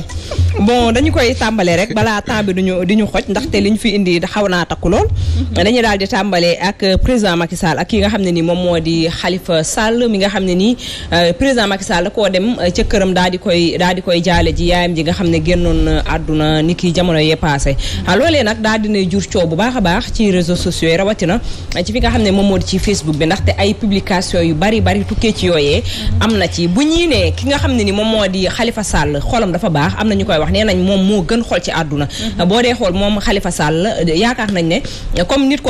partir bon dañu koy tàmbale rek balaa temps bi duñu di ñu xoj ndaxte li ñu fi indi xaw naa takku lool dañuy daal di tàmbale ak euh, président Macky Sall ak ki nga xam ne ni moom moo di Khalifa Sall mi nga xam ne nii euh, président Macky Sall koo dem euh, ca këram daal di koy daal di koy jaale ji yaayam ji nga xam ne génnoon àdduna ni ki jamono yee passé ah, loolee nag daal dinay jur coow bu baax a baax ci réseaux sociaux rawatina ci fi nga xam ne moom moo di ci Facebook bi ndaxte ay publication yu bari bari tukkee ci yooyee am na ci bu ñii ne ki nga xam ne ni moom moo di Khalifa Sall dafa baax am na ñu koy wax nee nañ moom moo gën xool ci àdduna mhm. boo dee xool moom Khalifa Sall yaakaar ne comme nit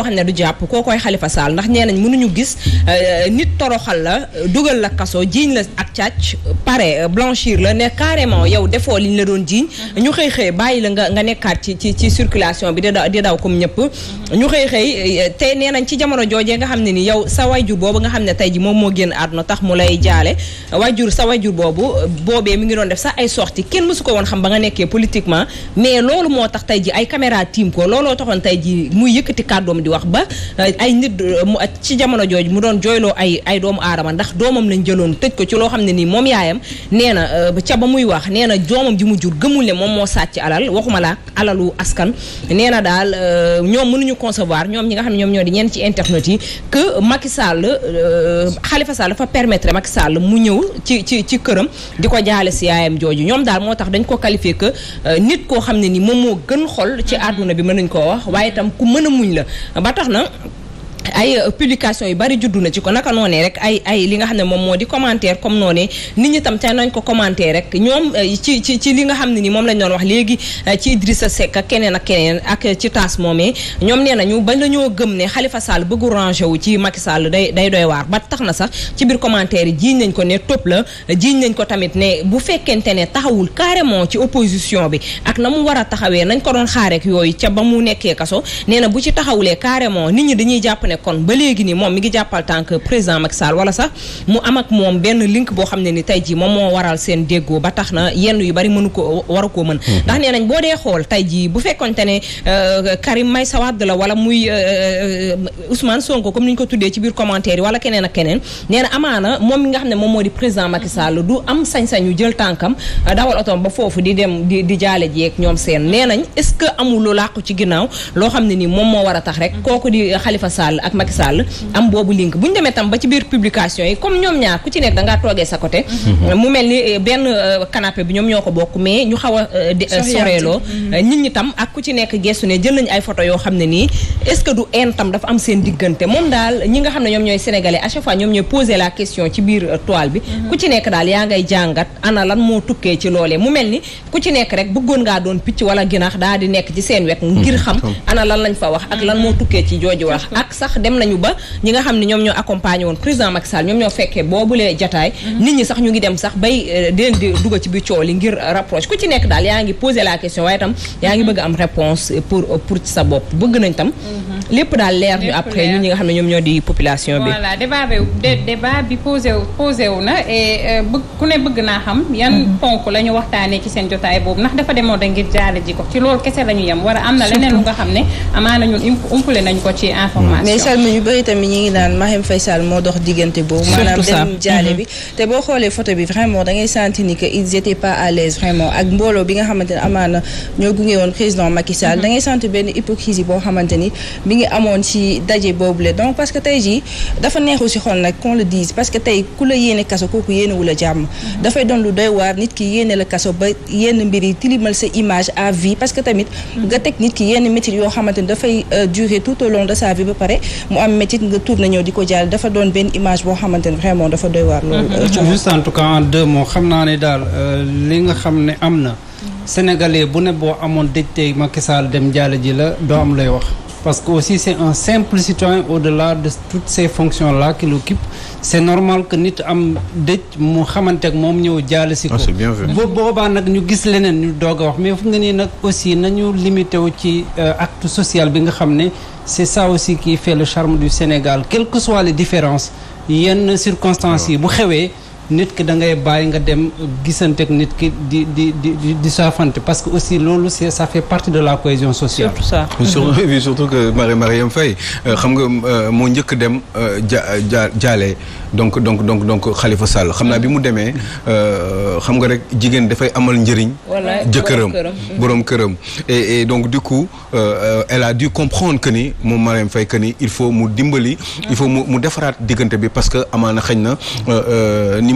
euh, la dugal la kaso jiiñ la euh, la ne carrément yow defoo liñ la doon jiiñ mhm. ñu xëy xëy bàyyi la nga nga nekkaat ci ci ci circulation bi di daw di daw comme ñëpp mhm. ñu xëy xëy euh, te nee nañ ci jamono joojee nga xam ne ni yow sa wayjur boobu nga xam ne tey ji moom moo génn àdduna tax mu lay jaale wayjur sa wayjur boobu boobee mi ngi doon def sax ay sorti kenn mësu ko woon xam ba nga nekkee politiquement mais loolu moo tax tey ji ay caméra tiim ko looloo taxoon tey ji muy yëkkati kàddoom di wax ba euh, ay nit euh, mu ci jamono jooju mu doon jooyloo ay ay doomu aadama ndax doomam lañ jëloon tëj ko ci loo xam ne nii moom yaayam nee na euh, ca ba muy wax nee na doomam ji mu jur gëmul ne moom moo sàcc alal waxuma la alalu askan nee na daal ñoom mënuñu concevoir ñoom ñi nga xam ne ñoom ñoo di ñenn ci internet yi que Macky Sall Khalifa Sall dafa permetre Macky Sall mu ñëw ci ci ci këram di ko jaale yaayam jooju ñoom daal moo tax dañ ko qualifier que euh, nit koo xam ne ni moom moo gën xol ci àdduna bi mën nañ koo wax waaye itam ku mën a muñ la ba tax na ay euh, publication yu bari juddu na ci ko naka noonee rek ay ay li nga xam ne moom moo di commentaire comme noonee nit ñi tam te nañ ko commentaire rek ñoom euh, ci ci ci li nga xam ne ni moom lañ doon wax léegi euh, ci Idrissa Seck ak keneen ak keneen ak ci taas moomee ñoom nee nañu bañ la ñoo gëm ne Khalifa Sall bëggu rangé wu ci Macky Sall day day doy waar ba tax na sax ci biir commentaire yi jiiñ nañ ko ne topp la jiiñ nañ ko tamit ne bu fekkente ne taxawul carrément ci opposition bi ak na mu war a taxawee nañ ko doon xaareek yooyu ca ba mu nekkee kaso nee na bu ci taxawulee carrément nit ñi dañuy jàpp ne kon ba léegi nii moom mi ngi jàppal tànk président Macky Sall wala sax mu am ak moom benn link boo xam ne ni tey jii moom moo waral seen déggoo ba tax na yenn yu bari mënu ko waru koo mën mhm. ndax nee nañ boo dee xool tey jii bu fekkonte ne euh, Karim sa Wade la wala muy euh, euh, Ousmane Sonko comme ni ñu ko tuddee ci biir commentaire yi wala keneen ak keneen nee na amaana moom mi nga xam ne moom moo di président Macky Sall du am sañ-sañu jël tànkam dawal otoom ba foofu di dem di di jaale jeeg ñoom seen nee nañ est-ce que amul lu ci ginnaaw loo xam ne ni moom moo war a tax rek mhm. ak Macky Sall am boobu link bu ñu demee tam ba ci biir publication yi comme ñoom ñaar ku ci nekk dangaa toogee sa côté mhm. mu mel ni eh, benn euh, canapé bi ñoom ñoo ko bokk mais ñu xaw a euh, euh, soreeloo mhm. nit ñi tam ak ku ci nekk gestu ne jël nañ ay foto yoo xam ne nii est-ce que du en tam dafa am seen diggante moom daal ñi nga xam ne ñoom ñooy sénégalais à fois ñoom ñooy poser la question ci biir toile bi mhm. ku ci nekk daal yaa ngay jàngat ana lan moo tukkee ci loolee mu mel ni ku ci nekk rek bëggoon ngaa doon picc wala ginax daal di nekk ci seen wet ngir xam ana lan lañ fa wax ak lan moo tukkee ci jooju wax sax dem nañu ba ñi nga xam ne ñoom ñoo accompagné woon président Macky Sall ñoom ñoo fekkee boobulee jataay mhm. nit ñi sax ñu ngi dem sax bay deen euh, di duga ci biir coow li ngir rapproche ku ci nekk daal yaa ngi posé la question waaye tam yaa ngi mhm. bëgg am réponse pour pour ci sa bopp bëgg nañ tam mhm. lépp daal leer ñu après ñun ñi nga xam ne ñoom ñoo di population bi. voilà bi débat bi wu na et euh, ku ne bëgg naa xam. yan mhm. ponk la ñu waxtaanee ci seen jotaay boobu ndax dafa demoon da ngir jaale ji ko ci loolu kese la ñu yem war a am na leneen lu nga xam ne amaana ñun um, umpule nañu ko ci information. mais Salma ñu bëri tamit ñi ngi naan Marième Faye Sall moo dox diggante boobu. maanaam dem jaale mhm. bi te boo xoolee photo bi vraiment da ngay sentir ni que ils étaient pas à l'aise vraiment ak mbooloo bi nga xamante ne amaana ñoo gunge woon président Macky Sall mhm. da ngay sentir benn hypocrisie boo xamante ni bi ngi amoon ci daje boobu boobule donc parce que tey jii dafa neexu ci xol nag qu'on le dise parce que tey ku la yéene kaso kooku yéenewu la jàmm mm-hmm. dafay doon lu doy waar nit ki yéene la kaso ba yenn mbir yi tilimal sa image à vie parce que tamit mm-hmm. nga teg nit ki yenn métier yoo xamante ni dafay euh, durer tout au long de sa vie ba pare mu am métier nga tourné ñëw di ko jàll dafa doon benn image boo xamante ni vraiment dafa doy waar loolu mm-hmm. euh, juste en tout cas en deux xam naa ne daal euh, li nga xam ne am na sénégalais bu ne boo amoon dëj tey Macky dem jàll ji la doo lay wax parce que aussi c'est un simple citoyen au-delà de toutes ces fonctions-là qu'il occupe c'est normal que nit am dëj mu xamante ak moom ñëw jaale si ko ah, bu boobaa nag ñu gis leneen ñu doog a wax mais fu nga nii nag aussi nañu limité wu ci euh, acte social bi nga xam ne c'est ça aussi qui fait le charme du Sénégal quelles que soient les yenn circonstances yi bu xewee nit ki da ngay bàyyi nga dem gisanteeg nit ki di di di di saafante parce que aussi loolu c'est ça fait partie de la cohésion sociale. surtout ça surtout surtout que Marie euh, xam nga euh, moo njëkk dem euh, ja ja jaale donc donc donc donc Khalifa Sall xam naa bi mu demee xam nga rek jigéen dafay amal njëriñ. jëkkëram borom këram et et donc du coup elle a dû comprendre que moom Mariam Faye que ni il faut mu dimbali. il faut mu mu defaraat diggante bi parce que amaana xëy na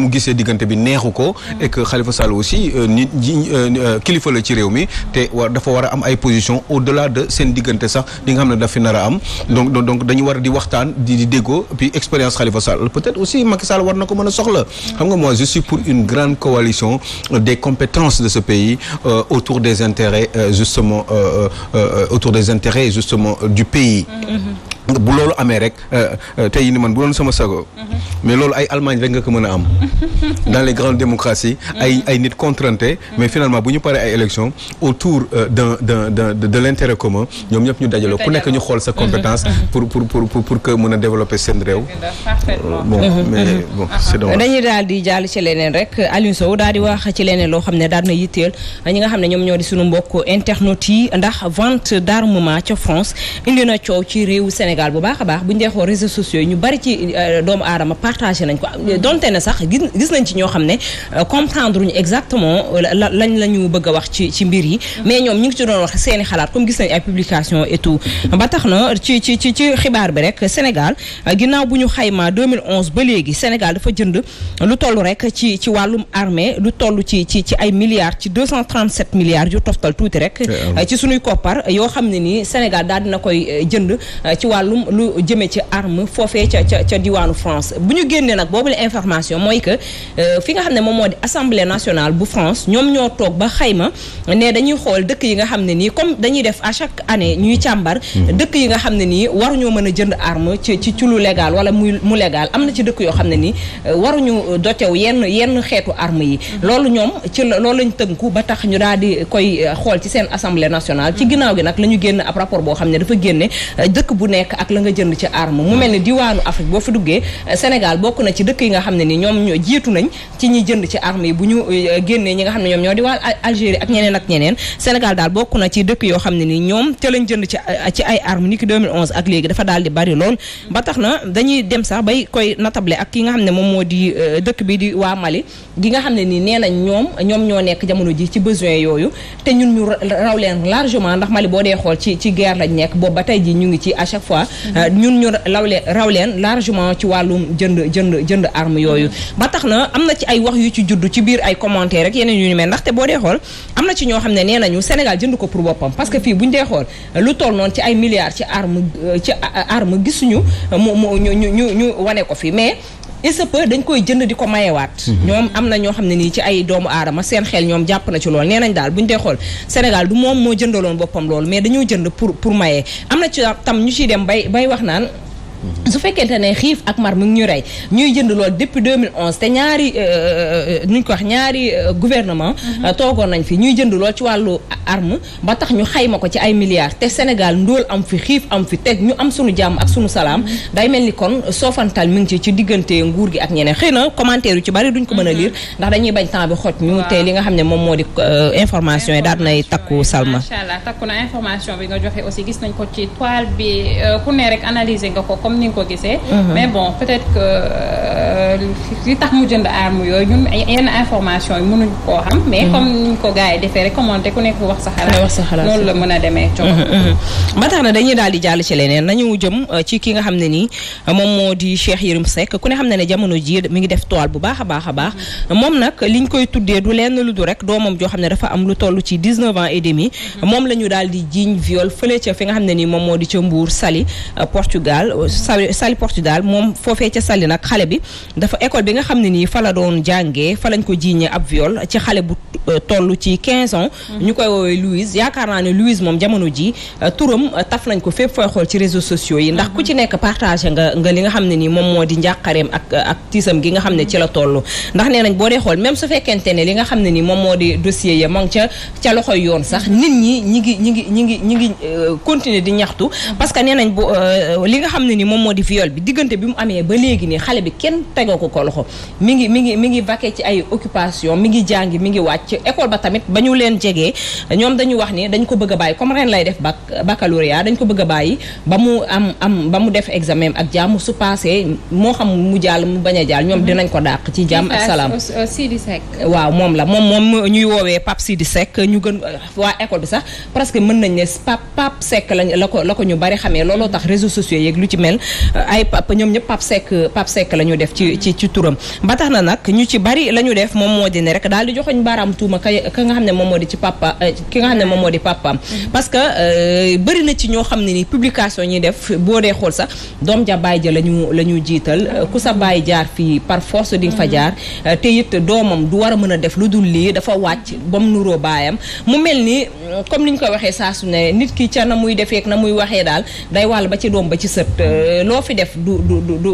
mu gisee diggante bi neexu ko mm. et que Khalifa Sall aussi euh, nit ñi euh, euh, kilifa la ci réew mi te war dafa war a am ay position au delà de seen diggante sax li nga xam ne daf nara nar a am donc dañu war di waxtaan di di déggoo puis expérience Khalifa Sall peut-être aussi Macky Sall war na ko mën a soxla xam nga moi je suis pour une grande coalition des compétences de ce pays euh, autour des intérêts euh, justement euh, autour des intérêts justement du pays mm-hmm. bu loolu amee rek euh, euh, tey ni man bu doon sama sago. Mhm. mais loolu ay Allemagne rek nga ko mën a am. dans les grandes démocraties. Mhm. ay nit contrainté. Mhm. mais finalement bu ñu paree ay élections autour euh, d'un d'un d'un de l'intérêt commun ñoom ñëpp ñu dajaloo ku nekk ñu xool sa compétence. pour pour pour pour que mën a développer seen réew. bon mais bon c'est dommage. dañuy daal di jàll ci leneen loo xam ne daal na yitteel ñi nga xam ne ñoom ñoo di sunu mbokk internautes yi ndax vente d'armement ca France indi na coow ci réewu Sénégal. Sénégal bu baax a baax bu ñu dee xool réseaux sociaux yi ñu bari ci euh, doomu aadama partagé nañ ko euh, donte ne sax gis nañ ci ñoo xam ne euh, comprendre ñu exactement lañ la ñu bëgg wax ci ci mbir yi mais ñoom ñu ngi ci doon wax seeni xalaat comme gis nañ ay publication et tout ba tax na ci ci ci ci xibaar bi rek Sénégal ginnaaw bu ñu xayma 2011 ba léegi Sénégal dafa jënd lu toll rek ci ci wàllum armee lu toll ci ci ci ay milliards ci 237 milliards yu toftal tuuti rek ci suñuy koppar yoo xam ne nii Sénégal daal dina koy jënd ci wàllu wàllum lu jëmee ci arme foofe ca ca ca diwaanu France bu ñu génnee nag boobu la information mooy que euh, fi nga xam ne moom moo di assemblée nationale bu France ñoom ñoo toog ba xayma ne dañuy xool dëkk yi nga xam ne nii comme dañuy à chaque année ñuy càmbar. Mhm. dëkk yi nga xam ne nii waruñoo mën a jënd arme ci ci lu légal wala muy mu légal am na ci dëkk yoo xam ne nii euh, waruñu euh, dotew yenn yenn xeetu arme yi. Mhm. loolu ñoom ci loolu lañ tënku ba tax ñu daal di koy xool ci seen assemblée nationale. ci mhm. ginnaaw gi nag la ñu génn ab rapport boo xam ne dafa génne dëkk bu nekk ak la nga jënd ci arme mu mel ni diwaanu Afrique boo fa duggee euh, Sénégal bokk na ci dëkk yi nga xam ne ni ñoom ñoo jiitu nañ ci ñi jënd ci arme yi bu ñu euh, génnee ñi nga xam ne ñoom ñoo di waa Algérie ak ñeneen ak ñeneen Sénégal daal bokk na ci dëkk yoo xam ne ni ñoom te lañ jënd ci euh, ci ay arme ni ki ak léegi dafa daal di bari lool ba tax na dañuy dem sax bay koy natable ak ki nga xam ne moom moo di dëkk bi di waa Mali gi nga xam ne ni nee nañ ñoom ñoom ñoo nekk jamono ji ci besoin yooyu te ñun ñu raw leen largement ndax Mali boo dee xool ci ci lañ nekk boobu ba tey ji ñu ngi ci à chaque fois Euh, ñun ñu lawle raw leen largement ci wàllum jënd jënd jënd arm yooyu mm-hmm. ba tax na am na ci ay wax yu ci judd ci biir ay commentaire rek yeneen yu ñu mel ndaxte boo dee xool am na ci ñoo xam ne nee nañu Sénégal jënd ko pour boppam parce que fii bu ñu dee xool lu tool noonu ci ay milliards ci arme euh, ci arme gisuñu euh, mu mu ñu ñu ñu wane ko fii mais il dañ koy jënd di ko mayewaat. Mhm. ñoom am na ñoo xam ne nii ci ay doomu aadama seen xel ñoom jàpp na ci lool nee nañ daal bu ñu dee xool Sénégal du moom moo jëndaloon boppam loolu mais dañoo jënd pour pour maye am na ci tam ñu ciy dem bay bay wax naan. su fekkente ne xiif ak mar mu ngi ñu rey ñuy jënd lool depuis 2011 te ñaari euh, euh, euh, nuñ ko wax ñaari gouvernement mhm. toogoon nañ fi ñuy jënd lool ci wàllu arm ba tax ñu xay xayma ko ci ay milliards te Sénégal ndóol am fi xiif am fi teg ñu am sunu jàmm ak sunu salaam mhm. day mel ni kon soofantal mi ngi ci ci diggante nguur gi ak ñeneen xëy na commentaire yu ci bari duñ ko mën a mhm. lire ndax dañuy bañ temps bi xoj ñu te li nga xam ne moom moo di information yi daal nay takku Salma. macha allah takku na information bi nga joxe aussi gis nañ ko ci bi ku ne nga ko comme ni nga ko gisee. Mhm. mais bon peut-être que euh, li tax mu jënd arme yooyu ñun yenn information yi mënuñ koo xam. mais mhm. comme ko gars yi defee rek commenté ku nekk wax sa xalaat. wax sa xalaat loolu la mën a demee coono. Mhm, ba tax na dañuy daal di jàll ci leneen nañu jëm euh, ci ki nga xam ne nii moom moo di Cheikh Yérim sekk ku ne xam ne ne jamono ji mi ngi def toile bu baax a baax a baax moom nag liñ koy tuddee du lenn lu du rek doomam joo xam ne dafa am lu toll ci 19 ans et demi. moom la ñu daal di jiiñ viol fële ca fi nga xam ne nii moom moo di ca Mbour Saly euh, Portugal sali sali moom foofee ca sali nag xale bi dafa école bi nga xam ne nii fa la doon jàngee fa lañ ko jiiñee ab viol ci xale bu euh, toll ci 15 ans. Mhm. ñu koy woowee Louise yaakaar naa ne Louise moom jamono ji euh, turam euh, taf nañ ko fépp xool ci réseaux sociaux yi ndax ku ci mhm. nekk partagé nga nga li nga xam ne nii moom moo di njàqareem ak ak tiisam gi nga xam ne ci la toll ndax nee nañ boo dee xool même su fekkente ne li nga xam ne nii moom moo di dossier ya moom ca ca loxoy yoon sax mhm. nit ñi ñi ngi ñi ngi ñi ngi ñi ngi continuer di ñaxtu parce nee nañ li nga xam ne ni moom moo di viol bi diggante bi mu amee ba léegi nii xale bi kenn tegoo ko ko loxo mi ngi mi ngi mi ngi vaqué ci ay occupation mi ngi jàngi mi ngi wàcc école ba tamit ba ñu leen jegee a bàyyi comme ko bëgg a bàyyi ba am am ba mu def examen ak jàmm su passé moo xam mu jàll mu bañ a jàll ñoom mhm. dinañ ko dàq ci jàmm ak salaam Sidi Seck waaw moom la moom moom ñuy woowee Pape Sidi Seck ñu gën waa école bi sax presque mën nañ ne Pape Pape Seck lañ la ko la ko ñu bari xamee looloo tax réseaux sociaux yeeg lu ci mel Kane ay pap ñoom ñëpp Pape Seck Pape Seck la ñu def ci ci ci turam ba tax na nag ñu ci bari la ñu def moom moo di ne rek daal di joxoñ baaraam tuuma ka ka nga xam ne moom moo di ci papa eh, ki nga xam ne moom moo di papaam mm-hmm. parce que eh, bëri na ci ñoo xam ne ni publication ñuy def boo dee xool sax doom ja baay ja la ñu la ñu jiital mm-hmm. eh, ku sa bàyyi jaar fii par force di nga fa mm-hmm. jaar te it doomam du war a mën a def lu dul lii dafa wàcc ba mu nuroo baayam mu mel ni comme ni ñu koy waxee saa su ne nit ki ca na muy defeek na muy waxee daal day wàll ba ci doom ba ci sët Euh, loo fi def du du du du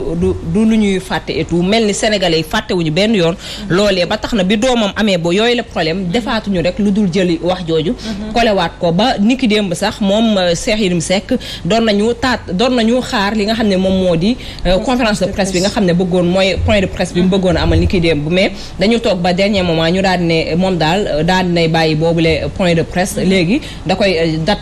du lu ñuy fàtte et tout mel ni sénégalais yi fàttewuñu benn yoon loolee ba tax na bi doomam amee ba yooyu la problème defaatuñu rek lu dul jëli wax jooju kolewaat mhm. ko ba niki démb sax moom euh, Cheikh Yérim Seck doon nañu taat doon nañu xaar li nga xam ne moom moo di euh, conférence de presse bi nga xam ne bëggoon mooy point de presse bi mu mhm. bëggoon amal niki démb mais dañu toog ba dernier moment ñu daal ne moom daal daal nay bàyyi boobule point de presse mhm. léegi da koy da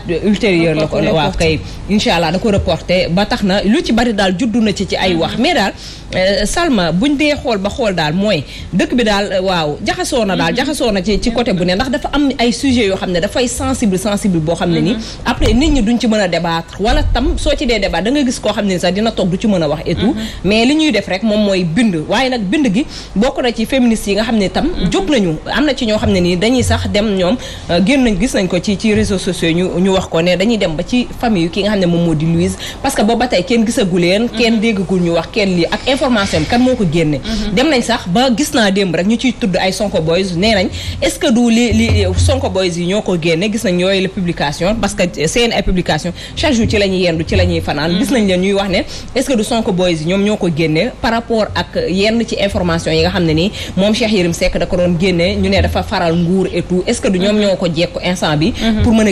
ko reporté ba tax na lu ci bari daal juddu na ci ci ay wax mais daal Euh, Salma buñ dee xool ba xool daal mooy dëkk bi daal euh, waaw jaxasoo na daal mm-hmm. jaxasoo na ci ci côté bu ne ndax dafa am ay sujet yoo xam ne dafay sensible sensible boo xam ne nii mm-hmm. après nit ñi duñ ci mën a debaat wala tam soo ci dee débattre da nga gis koo xam ne ni sax dina toog du ci mën a wax et tout mm-hmm. li ñuy def rek moom mooy bind waaye nag bind gi bokk na ci féministes yi nga xam ne tam jóg nañu am na ci ñoo xam ne nii dañuy sax dem ñoom euh, génn nañ gis nañ ko ci ci réseaux sociaux ñu ñu ko ne dañuy dem ba ci famille ki nga xam ne moom moo di parce que booba tey kenn gisagu leen kenn déggagul ñu wax kenn lii ak information bi kan moo ko génne. Mhm. dem nañ sax ba gis naa démb rek ñu ciy tudd ay Sonko Boys nee nañ est li li Sonko Boys yi ñoo ko génne gis nañ yooyu la publication parce que euh, seen ay publication chaque jour ci la ñuy yendu ci la fanaan. Mhm. gis nañ leen wax ne est Sonko Boys yi ñoom ñoo ko génne par rapport ak yenn ci information yi nga xam ne nii moom Cheikh Yérim Seck da ko doon génne ñu ne dafa faral nguur et tout ñoom mhm. ñoo ko jekku instant pour mën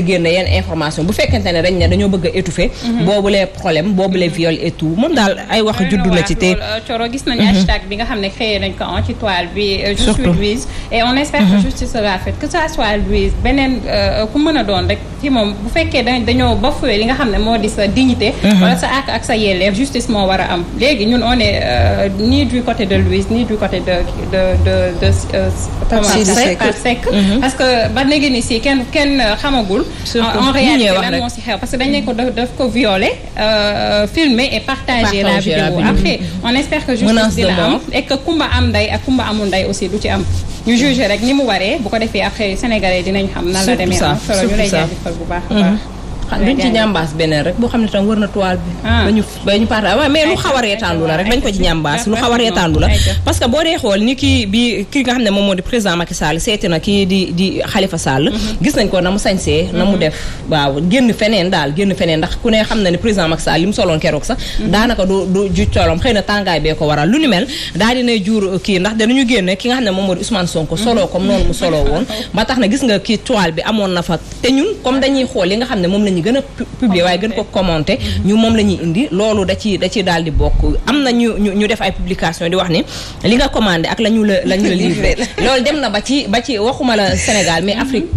Thioro gis nañu mhm. hashtag bi nga xam ne créé nañ ko en ci toile bi. Euh, je suis Louise et on espère que mhm. justice sera faite que ça Louise beneen euh, ku mën a doon rek ci moom bu fekkee dañoo bafoué li nga xam ne moo di sa dignité. Mhm. wala sa àq ak sa yelleef justice moo war a am léegi ñun on est euh, ni du côté de Louise ni du côté de de de de. Pape Seck parce que ba léegi ni si kenn kenn xamagul. en réalité lan moo si xew parce que dañ ne ko daf ko violé filmer et partager la vidéo après j'espère que justice dina am et que kumba am nday ak kumba amul nday aussi du ci am ñu juge rek ni mu waree bu ko defee après sénégalais dinañ xam nan la demee am solo ñu lay jaajëfal bu baax a baax mm-hmm. xam duñ ci ñambaas beneen rek boo xam ne tam wër na toile bi. Ah. ba ñu ba ñu parta mais lu xaw a la rek bañ ko ci ñambaas lu xaw a reetaanlu la. parce que boo dee xool ni kii bi ki nga xam ne moom moo di président na kii mhm. ko na mu sañsee na mu mhm. def waaw feneen daal génn feneen ndax ku ne xam na ne président Macky Sall li mu soloon keroog sax. Mhm. daanaka du du ju colom xëy na tàngaay bee ko waral lu ni mel daal dinay jur kii ndax danañu génne ki nga xam ne moom moo di Ousmane Sonko soloo comme noonu mu soloo woon ba tax na gis nga kii toile bi amoon na fa te ñun comme dañuy xool li nga xam ne moom lañu ñu gën a publier waaye gën ko commenter mm-hmm. ñu moom la ñuy indi loolu da ci da ci di bokk am na ñu ñu def ay publication di wax ni li nga commandé ak la ñu la la ñu la livré loolu dem na ba ci ba ci waxuma la Sénégal mais mm-hmm. Afrique